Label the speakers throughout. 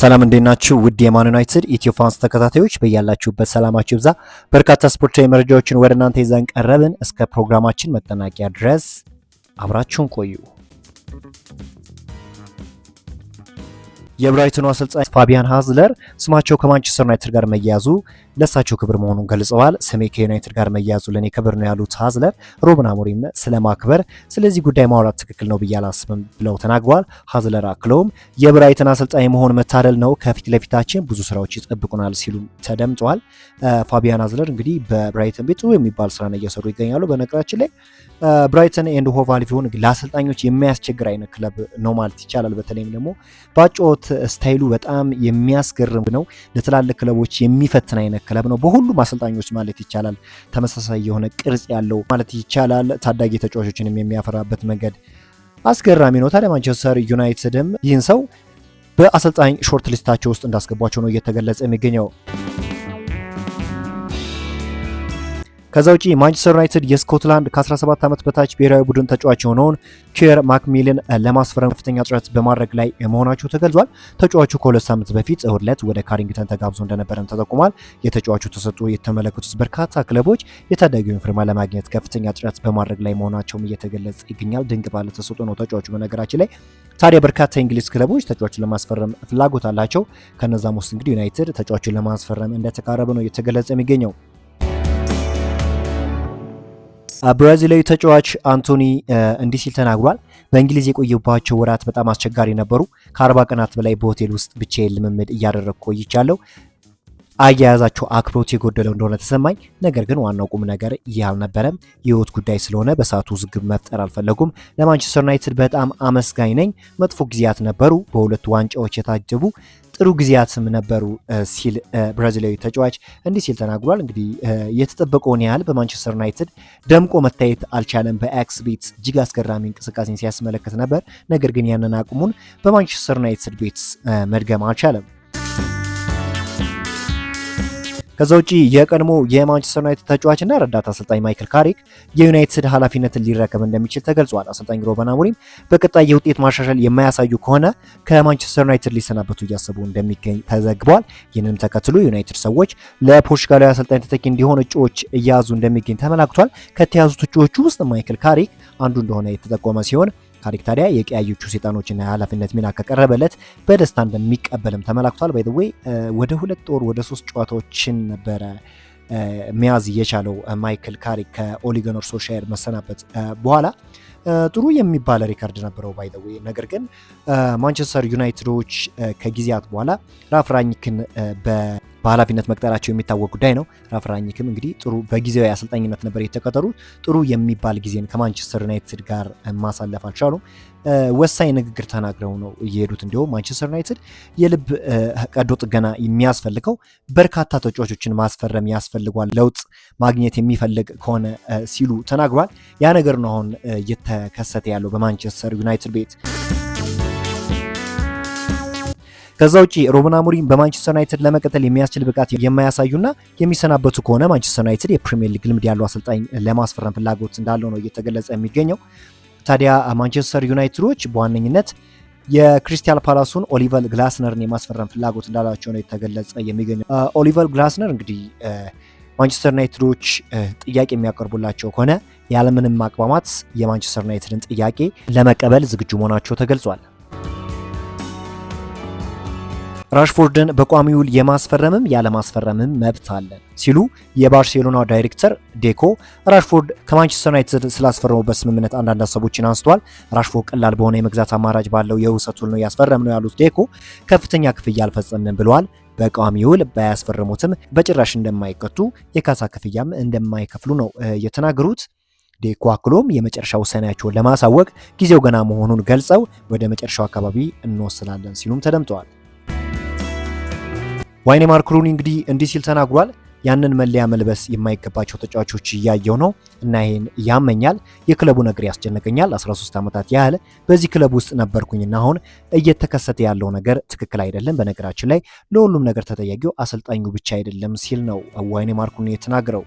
Speaker 1: ሰላም እንዴት ናችሁ? ውድ የማን ዩናይትድ ኢትዮ ፋንስ ተከታታዮች በያላችሁበት ሰላማችሁ ይብዛ። በርካታ ስፖርታዊ መረጃዎችን ወደ እናንተ ይዘን ቀረብን። እስከ ፕሮግራማችን መጠናቂያ ድረስ አብራችሁን ቆዩ። የብራይተኑ አሰልጣኝ ፋቢያን ሃዝለር ስማቸው ከማንቸስተር ዩናይትድ ጋር መያያዙ ለእሳቸው ክብር መሆኑን ገልጸዋል። ስሜ ከዩናይትድ ጋር መያያዙ ለእኔ ክብር ነው ያሉት ሃዝለር ሮብን አሞሪም ስለ ማክበር ስለዚህ ጉዳይ ማውራት ትክክል ነው ብዬ አላስብም ብለው ተናግረዋል። ሃዝለር አክለውም የብራይተን አሰልጣኝ መሆን መታደል ነው፣ ከፊት ለፊታችን ብዙ ስራዎች ይጠብቁናል ሲሉ ተደምጠዋል። ፋቢያን ሃዝለር እንግዲህ በብራይተን ቤት ጥሩ የሚባል ስራ ነው እየሰሩ ይገኛሉ። በነገራችን ላይ ብራይተን ኤንድ ሆቭ አልቢዮን ለአሰልጣኞች የሚያስቸግር አይነት ክለብ ነው ማለት ይቻላል። በተለይም ደግሞ ባጮት ስታይሉ በጣም የሚያስገርም ነው። ለትላልቅ ክለቦች የሚፈትን አይነት ክለብ ነው። በሁሉም አሰልጣኞች ማለት ይቻላል ተመሳሳይ የሆነ ቅርጽ ያለው ማለት ይቻላል። ታዳጊ ተጫዋቾችንም የሚያፈራበት መንገድ አስገራሚ ነው። ታዲያ ማንቸስተር ዩናይትድም ይህን ሰው በአሰልጣኝ ሾርት ሊስታቸው ውስጥ እንዳስገቧቸው ነው እየተገለጸ የሚገኘው። ከዛ ውጪ ማንቸስተር ዩናይትድ የስኮትላንድ ከ17 ዓመት በታች ብሔራዊ ቡድን ተጫዋች የሆነውን ኪየር ማክሚልን ለማስፈረም ከፍተኛ ጥረት በማድረግ ላይ መሆናቸው ተገልጿል። ተጫዋቹ ከሁለት ሳምንት በፊት እሁድ ዕለት ወደ ካሪንግተን ተጋብዞ እንደነበረም ተጠቁሟል። የተጫዋቹ ተሰጥኦ የተመለከቱት በርካታ ክለቦች የታዳጊውን ፊርማ ለማግኘት ከፍተኛ ጥረት በማድረግ ላይ መሆናቸውም እየተገለጸ ይገኛል። ድንቅ ባለ ተሰጥኦ ነው ተጫዋቹ። በነገራችን ላይ ታዲያ በርካታ የእንግሊዝ ክለቦች ተጫዋቹን ለማስፈረም ፍላጎት አላቸው። ከነዛም ውስጥ እንግዲህ ዩናይትድ ተጫዋቹን ለማስፈረም እንደተቃረበ ነው እየተገለጸ የሚገኘው። ብራዚላዊ ተጫዋች አንቶኒ እንዲህ ሲል ተናግሯል። በእንግሊዝ የቆየባቸው ወራት በጣም አስቸጋሪ ነበሩ። ከአርባ ቀናት በላይ በሆቴል ውስጥ ብቻዬን ልምምድ እያደረግኩ ቆይቻለሁ። አያያዛቸው አክብሮት የጎደለው እንደሆነ ተሰማኝ። ነገር ግን ዋናው ቁም ነገር ይህ አልነበረም። የህይወት ጉዳይ ስለሆነ በሰዓቱ ውዝግብ መፍጠር አልፈለጉም። ለማንቸስተር ዩናይትድ በጣም አመስጋኝ ነኝ። መጥፎ ጊዜያት ነበሩ፣ በሁለቱ ዋንጫዎች የታጀቡ ጥሩ ጊዜያትም ነበሩ ሲል ብራዚላዊ ተጫዋች እንዲህ ሲል ተናግሯል። እንግዲህ የተጠበቀውን ያህል በማንቸስተር ዩናይትድ ደምቆ መታየት አልቻለም። በኤክስ ቤት እጅግ አስገራሚ እንቅስቃሴን ሲያስመለከት ነበር። ነገር ግን ያንን አቅሙን በማንቸስተር ዩናይትድ ቤት መድገም አልቻለም። ከዛ ውጪ የቀድሞ የማንቸስተር ዩናይትድ ተጫዋችና ረዳት አሰልጣኝ ማይክል ካሪክ የዩናይትድ ኃላፊነትን ሊረከብ እንደሚችል ተገልጿል። አሰልጣኝ ሮበን አሞሪም በቀጣይ የውጤት ማሻሻል የማያሳዩ ከሆነ ከማንቸስተር ዩናይትድ ሊሰናበቱ እያሰቡ እንደሚገኝ ተዘግቧል። ይህንንም ተከትሎ ዩናይትድ ሰዎች ለፖርቹጋላዊ አሰልጣኝ ተተኪ እንዲሆን እጩዎች እያያዙ እንደሚገኝ ተመላክቷል። ከተያዙት እጩዎቹ ውስጥ ማይክል ካሪክ አንዱ እንደሆነ የተጠቆመ ሲሆን ታሪክ ታዲያ የቀያዮቹ ሰይጣኖችን ኃላፊነት ሚና ከቀረበለት በደስታ እንደሚቀበልም ተመላክቷል። ባይዘዌይ ወደ ሁለት ጦር ወደ ሶስት ጨዋታዎችን ነበረ መያዝ የቻለው ማይክል ካሪክ ከኦሊገኖር ሶሻየር መሰናበት በኋላ ጥሩ የሚባል ሪከርድ ነበረው ባይዘዌይ። ነገር ግን ማንቸስተር ዩናይትዶች ከጊዜያት በኋላ ራፍ በ በኃላፊነት መቅጠራቸው የሚታወቅ ጉዳይ ነው። ራፍ ራኒክም እንግዲህ ጥሩ በጊዜያዊ አሰልጣኝነት ነበር የተቀጠሩ ጥሩ የሚባል ጊዜን ከማንቸስተር ዩናይትድ ጋር ማሳለፍ አልቻሉም። ወሳኝ ንግግር ተናግረው ነው እየሄዱት። እንዲሁም ማንቸስተር ዩናይትድ የልብ ቀዶ ጥገና የሚያስፈልገው በርካታ ተጫዋቾችን ማስፈረም ያስፈልጓል ለውጥ ማግኘት የሚፈልግ ከሆነ ሲሉ ተናግሯል። ያ ነገር ነው አሁን እየተከሰተ ያለው በማንቸስተር ዩናይትድ ቤት ከዛ ውጪ ሮብን አሞሪም በማንቸስተር ዩናይትድ ለመቀጠል የሚያስችል ብቃት የማያሳዩና የሚሰናበቱ ከሆነ ማንቸስተር ዩናይትድ የፕሪሚየር ሊግ ልምድ ያለው አሰልጣኝ ለማስፈረም ፍላጎት እንዳለው ነው እየተገለጸ የሚገኘው። ታዲያ ማንቸስተር ዩናይትዶች በዋነኝነት የክሪስታል ፓላሱን ኦሊቨር ግላስነርን የማስፈረም ፍላጎት እንዳላቸው ነው የተገለጸ የሚገኘው። ኦሊቨር ግላስነር እንግዲህ ማንቸስተር ዩናይትዶች ጥያቄ የሚያቀርቡላቸው ከሆነ ያለምንም አቅማማት የማንቸስተር ዩናይትድን ጥያቄ ለመቀበል ዝግጁ መሆናቸው ተገልጿል። ራሽፎርድን በቋሚ ውል የማስፈረምም ያለማስፈረምም መብት አለን ሲሉ የባርሴሎና ዳይሬክተር ዴኮ ራሽፎርድ ከማንቸስተር ዩናይትድ ስላስፈረሙበት ስምምነት አንዳንድ ሀሳቦችን አንስተዋል። ራሽፎርድ ቀላል በሆነ የመግዛት አማራጭ ባለው የውሰት ውል ነው ያስፈረም ነው ያሉት ዴኮ ከፍተኛ ክፍያ አልፈጸምም ብለዋል። በቋሚ ውል ባያስፈረሙትም በጭራሽ እንደማይቀጡ የካሳ ክፍያም እንደማይከፍሉ ነው የተናገሩት። ዴኮ አክሎም የመጨረሻ ውሳኔያቸውን ለማሳወቅ ጊዜው ገና መሆኑን ገልጸው ወደ መጨረሻው አካባቢ እንወስናለን ሲሉም ተደምጠዋል። ዋይኔማር ክሩኒ እንግዲህ እንዲህ ሲል ተናግሯል። ያንን መለያ መልበስ የማይገባቸው ተጫዋቾች እያየው ነው እና ይሄን ያመኛል። የክለቡ ነገር ያስጨንቀኛል። 13 ዓመታት ያህል በዚህ ክለብ ውስጥ ነበርኩኝና አሁን እየተከሰተ ያለው ነገር ትክክል አይደለም። በነገራችን ላይ ለሁሉም ነገር ተጠያቂው አሰልጣኙ ብቻ አይደለም ሲል ነው ዋይኔማር ክሩኒ የተናገረው።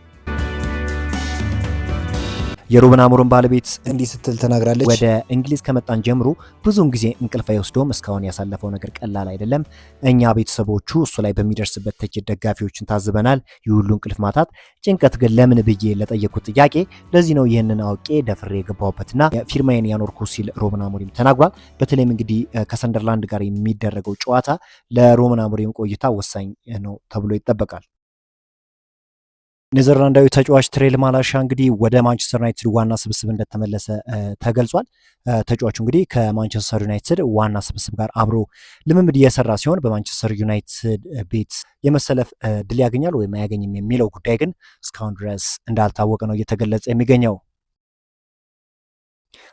Speaker 1: የሩበን አሞሪም ባለቤት እንዲህ ስትል ተናግራለች። ወደ እንግሊዝ ከመጣን ጀምሮ ብዙውን ጊዜ እንቅልፍ አይወስደውም። እስካሁን ያሳለፈው ነገር ቀላል አይደለም። እኛ ቤተሰቦቹ እሱ ላይ በሚደርስበት ትችት ደጋፊዎችን ታዝበናል። ይህ ሁሉ እንቅልፍ ማታት ጭንቀት ግን ለምን ብዬ ለጠየኩት ጥያቄ ለዚህ ነው ይህንን አውቄ ደፍሬ የገባሁበትና ፊርማዬን ያኖርኩ ሲል ሩበን አሞሪም ተናግሯል። በተለይም እንግዲህ ከሰንደርላንድ ጋር የሚደረገው ጨዋታ ለሩበን አሞሪም ቆይታ ወሳኝ ነው ተብሎ ይጠበቃል። ኔዘርላንዳዊ ተጫዋች ትሬል ማላሻ እንግዲህ ወደ ማንቸስተር ዩናይትድ ዋና ስብስብ እንደተመለሰ ተገልጿል። ተጫዋቹ እንግዲህ ከማንቸስተር ዩናይትድ ዋና ስብስብ ጋር አብሮ ልምምድ እየሰራ ሲሆን በማንቸስተር ዩናይትድ ቤት የመሰለፍ ድል ያገኛል ወይም አያገኝም የሚለው ጉዳይ ግን እስካሁን ድረስ እንዳልታወቀ ነው እየተገለጸ የሚገኘው።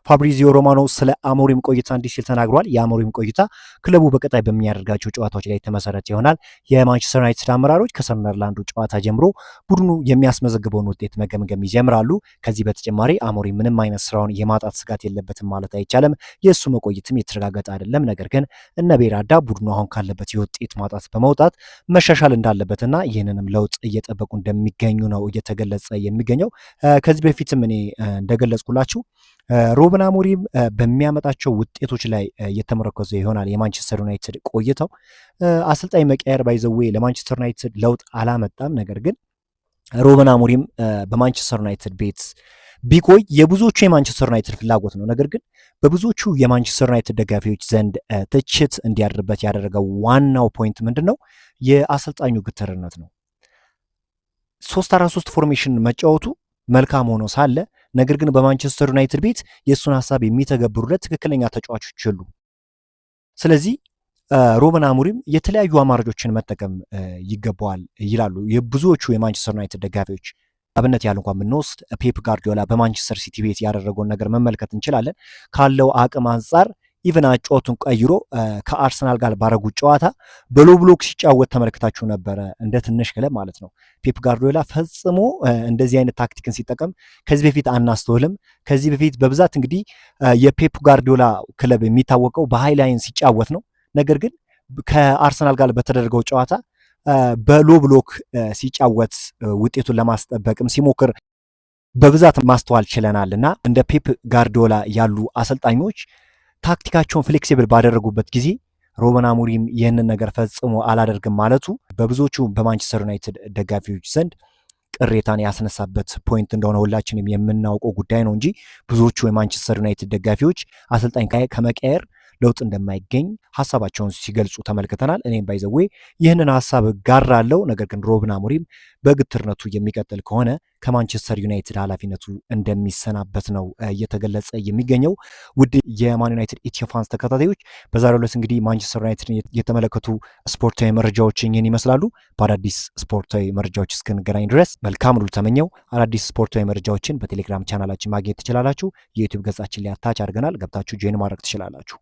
Speaker 1: ፋብሪዚዮ ሮማኖ ስለ አሞሪም ቆይታ እንዲህ ሲል ተናግሯል። የአሞሪም ቆይታ ክለቡ በቀጣይ በሚያደርጋቸው ጨዋታዎች ላይ የተመሰረተ ይሆናል። የማንቸስተር ዩናይትድ አመራሮች ከሰንደርላንዱ ጨዋታ ጀምሮ ቡድኑ የሚያስመዘግበውን ውጤት መገምገም ይጀምራሉ። ከዚህ በተጨማሪ አሞሪም ምንም አይነት ስራውን የማጣት ስጋት የለበትም ማለት አይቻልም። የእሱ መቆየትም የተረጋገጠ አይደለም። ነገር ግን እነ ቤራዳ ቡድኑ አሁን ካለበት የውጤት ማጣት በመውጣት መሻሻል እንዳለበትና ይህንንም ለውጥ እየጠበቁ እንደሚገኙ ነው እየተገለጸ የሚገኘው። ከዚህ በፊትም እኔ እንደገለጽኩላችሁ ሩበን አሞሪም በሚያመጣቸው ውጤቶች ላይ የተመረኮዘ ይሆናል የማንቸስተር ዩናይትድ ቆይተው አሰልጣኝ መቀየር ባይዘዌ ለማንቸስተር ዩናይትድ ለውጥ አላመጣም። ነገር ግን ሩበን አሞሪም በማንቸስተር ዩናይትድ ቤት ቢቆይ የብዙዎቹ የማንቸስተር ዩናይትድ ፍላጎት ነው። ነገር ግን በብዙዎቹ የማንቸስተር ዩናይትድ ደጋፊዎች ዘንድ ትችት እንዲያድርበት ያደረገው ዋናው ፖይንት ምንድን ነው? የአሰልጣኙ ግትርነት ነው። ሶስት አራት ሶስት ፎርሜሽን መጫወቱ መልካም ሆኖ ሳለ ነገር ግን በማንቸስተር ዩናይትድ ቤት የእሱን ሀሳብ የሚተገብሩለት ትክክለኛ ተጫዋቾች የሉ። ስለዚህ ሮበን አሙሪም የተለያዩ አማራጮችን መጠቀም ይገባዋል ይላሉ የብዙዎቹ የማንቸስተር ዩናይትድ ደጋፊዎች። አብነት ያህል እንኳን ብንወስድ ፔፕ ጋርዲዮላ በማንቸስተር ሲቲ ቤት ያደረገውን ነገር መመልከት እንችላለን። ካለው አቅም አንጻር ኢቨን አጫወቱን ቀይሮ ከአርሰናል ጋር ባረጉት ጨዋታ በሎ ብሎክ ሲጫወት ተመልክታችሁ ነበረ። እንደ ትንሽ ክለብ ማለት ነው። ፔፕ ጋርዲዮላ ፈጽሞ እንደዚህ አይነት ታክቲክን ሲጠቀም ከዚህ በፊት አናስተውልም። ከዚህ በፊት በብዛት እንግዲህ የፔፕ ጋርዲዮላ ክለብ የሚታወቀው በሀይ ላይን ሲጫወት ነው። ነገር ግን ከአርሰናል ጋር በተደረገው ጨዋታ በሎ ብሎክ ሲጫወት ውጤቱን ለማስጠበቅም ሲሞክር በብዛት ማስተዋል ችለናል እና እንደ ፔፕ ጋርዲዮላ ያሉ አሰልጣኞች ታክቲካቸውን ፍሌክሲብል ባደረጉበት ጊዜ ሮበን አሙሪም ይህንን ነገር ፈጽሞ አላደርግም ማለቱ በብዙዎቹ በማንቸስተር ዩናይትድ ደጋፊዎች ዘንድ ቅሬታን ያስነሳበት ፖይንት እንደሆነ ሁላችንም የምናውቀው ጉዳይ ነው እንጂ ብዙዎቹ የማንቸስተር ዩናይትድ ደጋፊዎች አሰልጣኝ ከመቀየር ለውጥ እንደማይገኝ ሀሳባቸውን ሲገልጹ ተመልክተናል። እኔም ባይዘዌ ይህንን ሀሳብ ጋራለው። ነገር ግን ሮብን አሞሪም በግትርነቱ የሚቀጥል ከሆነ ከማንቸስተር ዩናይትድ ኃላፊነቱ እንደሚሰናበት ነው እየተገለጸ የሚገኘው። ውድ የማን ዩናይትድ ኢትዮ ፋንስ ተከታታዮች በዛሬው ዕለት እንግዲህ ማንቸስተር ዩናይትድን የተመለከቱ ስፖርታዊ መረጃዎች ይህን ይመስላሉ። በአዳዲስ ስፖርታዊ መረጃዎች እስክንገናኝ ድረስ መልካም ሉል ተመኘው። አዳዲስ ስፖርታዊ መረጃዎችን በቴሌግራም ቻናላችን ማግኘት ትችላላችሁ። የዩቱብ ገጻችን ሊያታች አድርገናል። ገብታችሁ ጆይን ማድረግ ትችላላችሁ።